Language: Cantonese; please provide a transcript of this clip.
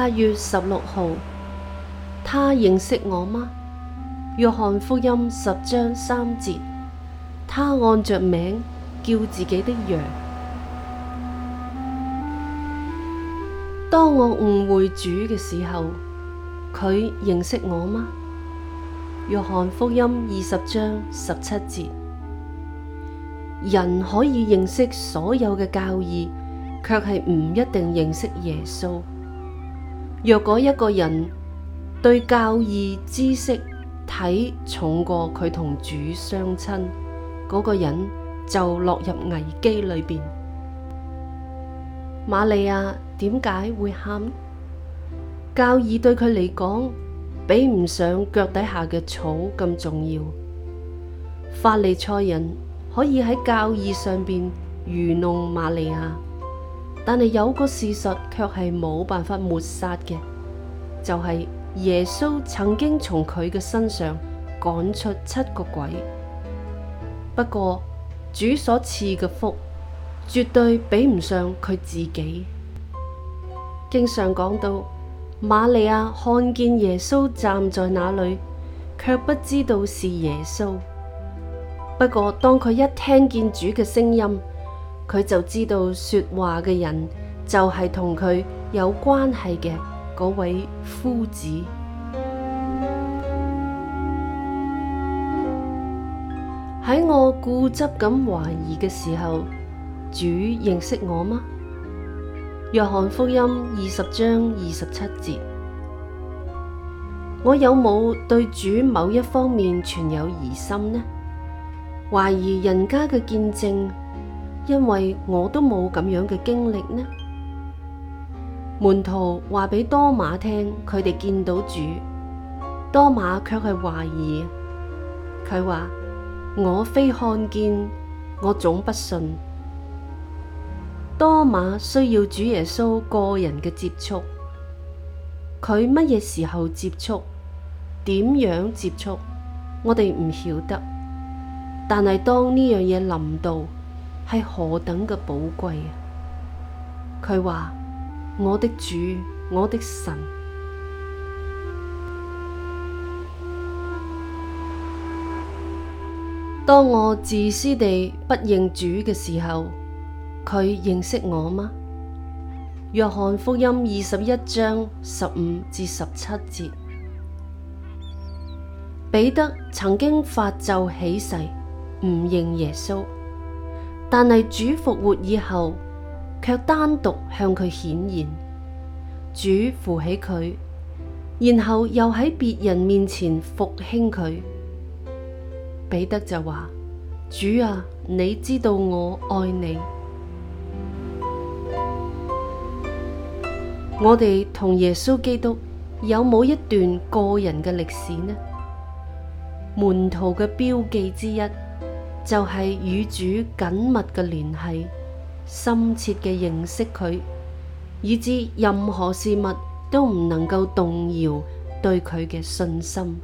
八月十六號，他認識我嗎？約翰福音十章三節，他按着名叫自己的羊。當我誤會主嘅時候，佢認識我嗎？約翰福音二十章十七節，人可以認識所有嘅教義，卻係唔一定認識耶穌。若果一個人對教義知識睇重過佢同主相親，嗰、那個人就落入危機裏邊。瑪利亞點解會喊？教義對佢嚟講，比唔上腳底下嘅草咁重要。法利賽人可以喺教義上邊愚弄瑪利亞。但係有個事實卻係冇辦法抹殺嘅，就係耶穌曾經從佢嘅身上趕出七個鬼。不過主所賜嘅福絕對比唔上佢自己。經常講到瑪利亞看見耶穌站在那裡，卻不知道是耶穌。不過當佢一聽見主嘅聲音，佢就知道說話嘅人就係同佢有關係嘅嗰位夫子。喺我固執咁懷疑嘅時候，主認識我嗎？約翰福音二十章二十七節，我有冇對主某一方面存有疑心呢？懷疑人家嘅見證。因為我都冇咁樣嘅經歷呢。門徒話畀多馬聽，佢哋見到主，多馬卻係懷疑。佢話我非看見，我總不信。多馬需要主耶穌個人嘅接觸，佢乜嘢時候接觸，點樣接觸，我哋唔曉得。但係當呢樣嘢臨到。係何等嘅寶貴啊！佢話：我的主，我的神。當我自私地不認主嘅時候，佢認識我嗎？約翰福音二十一章十五至十七節，彼得曾經發咒起誓，唔認耶穌。但係主復活以後，卻單獨向佢顯現。主扶起佢，然後又喺別人面前復興佢。彼得就話：主啊，你知道我愛你。我哋同耶穌基督有冇一段個人嘅歷史呢？門徒嘅標記之一。就係與主緊密嘅聯繫，深切嘅認識佢，以至任何事物都唔能夠動搖對佢嘅信心。